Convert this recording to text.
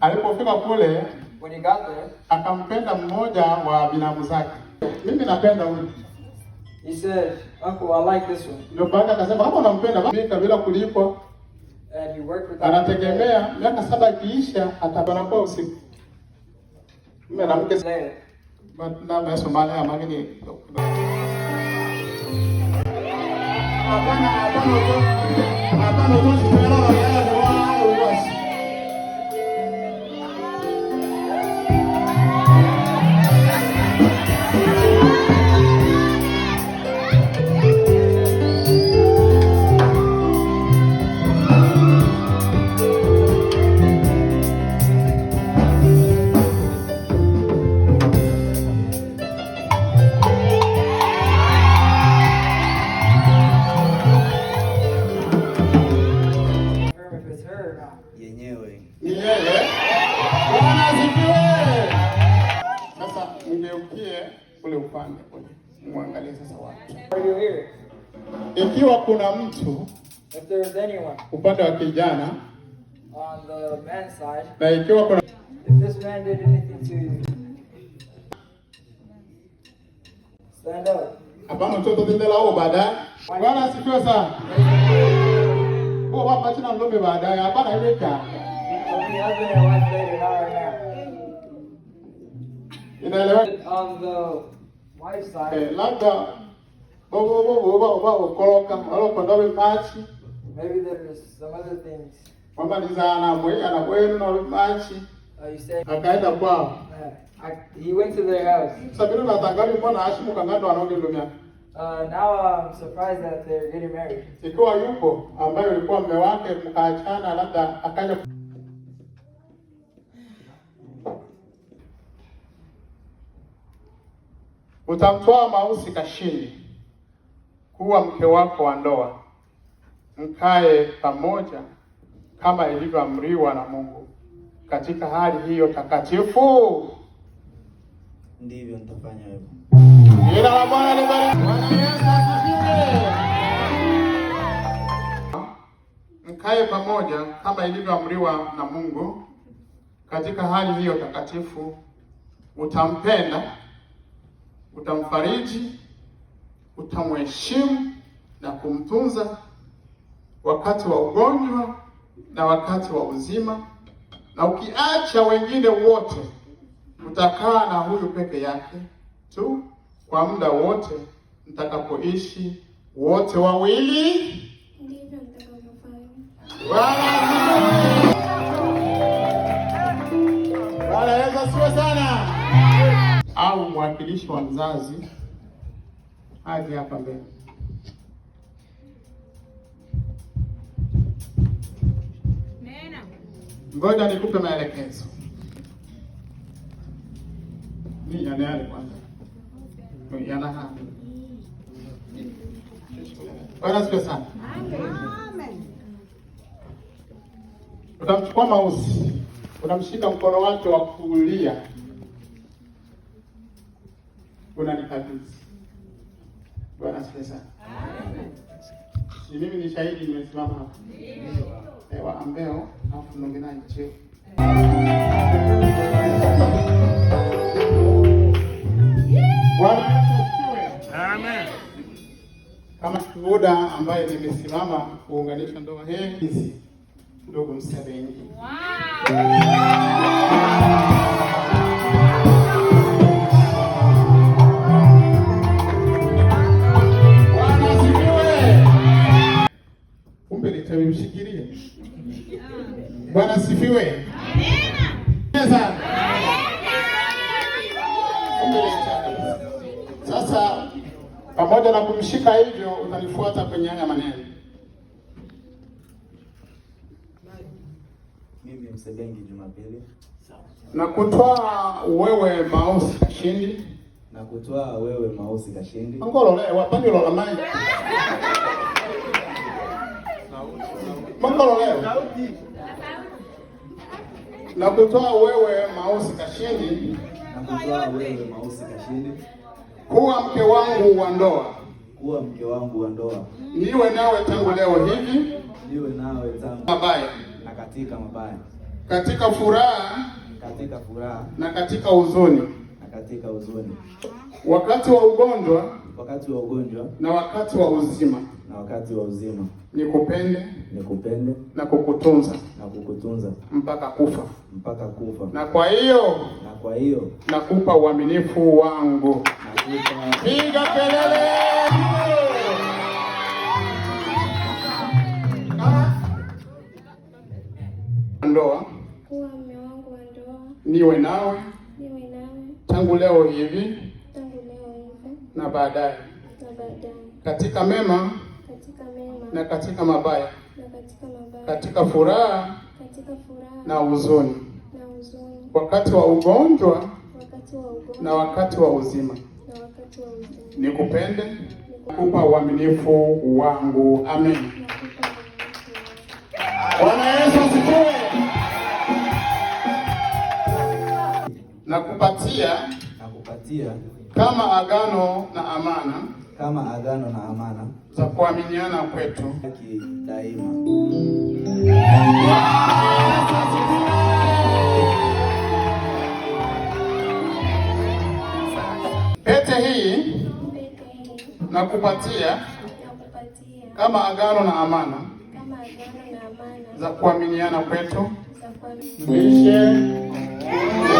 Alipofika kule akampenda mmoja wa binamu zake, mimi napenda huyu. He said, Uncle, I like this one. Ndio baada akasema hapo unampenda basi bila kulipwa. And he worked with anategemea miaka saba ikiisha atabanakuwa usiku. Mimi na mke but now na Somalia amani Hapana hapana hapana hapana Sasa nigeukie ule upande sasa watu. Ikiwa kuna mtu upande wa kijana na ikiwa kuna hapana mtoto tendela baadaye. Bwana asifiwe sana. Wao hapa tuna baadaye. Hapana, iweka Eh, labda oba oba okoloka olokondoba emakyi wamaliza anabwe anabwenu akaenda kwabo eh, sabino natangari mbona ashimukangando anaongelumya Uh, now Ikiwa yupo ambaye ulikuwa mume wake mkaachana labda akaja utamtoa Mausi kashini kuwa mke wako wa ndoa, mkae pamoja kama ilivyoamriwa na Mungu. Katika hali hiyo takatifu, ndivyo nitafanya hivyo. Jina la Bwana libarikiwe. Mkae pamoja kama ilivyoamriwa na Mungu. Katika hali hiyo takatifu, utampenda utamfariji, utamheshimu na kumtunza wakati wa ugonjwa na wakati wa uzima, na ukiacha wengine wote utakaa na huyu peke yake tu kwa muda wote mtakapoishi wote wawili. Ndivyo wawakilishi wa mzazi aje hapa mbele. Ngoja nikupe maelekezo sana. Utamchukua Mausi, unamshika mkono wake wa kulia unanikabidhi. Bwana asifiwe sana. Ni mimi ni shahidi, nimesimama hapa ewa ambeo afu mnonginaji cheo kama shuhuda ambaye nimesimama kuunganisha ndoa hii, ndugu Msabeni. Wow. ushikilie. Bwana sifiwe. Sasa pamoja na kumshika hivyo, utanifuata kwenye haya maneno. Mimi Msebengi Jumapili, na kutoa wewe Maosi Kashindi, na kutoa wewe Maosi Kashindi angololewa pandilolamayi Mambo Na kutoa wewe Mausi Kashindi, na kutoa wewe Mausi Kashindi, kuwa mke wangu wa ndoa, kuwa mke wangu wa ndoa, niwe nawe tangu leo hivi, niwe nawe tangu mabaya na katika mabaya, katika furaha, katika furaha na katika huzuni, na katika huzuni wakati wa ugonjwa, wakati wa ugonjwa na wakati wa uzima, na wakati wa uzima, nikupende, nikupende na kukutunza, na kukutunza mpaka kufa, mpaka kufa. Na kwa hiyo, na kwa hiyo nakupa uaminifu wangu. Nakupa, piga kelele. Ndoa, kuwa mume wangu ndoa, niwe nawe, niwe nawe tangu leo hivi na baadaye katika mema katika mema na katika mabaya na katika mabaya katika furaha katika furaha na huzuni na huzuni wakati wa ugonjwa wakati wa ugonjwa na wakati wa uzima na wakati wa uzima nikupende kupa uaminifu wangu amen. Bwana Yesu asifiwe. Nakupatia nakupatia kama agano na amana kama agano na amana za kuaminiana kwetu daima. Pete hii nakupatia kama agano na amana za kuaminiana kwetu. Mishe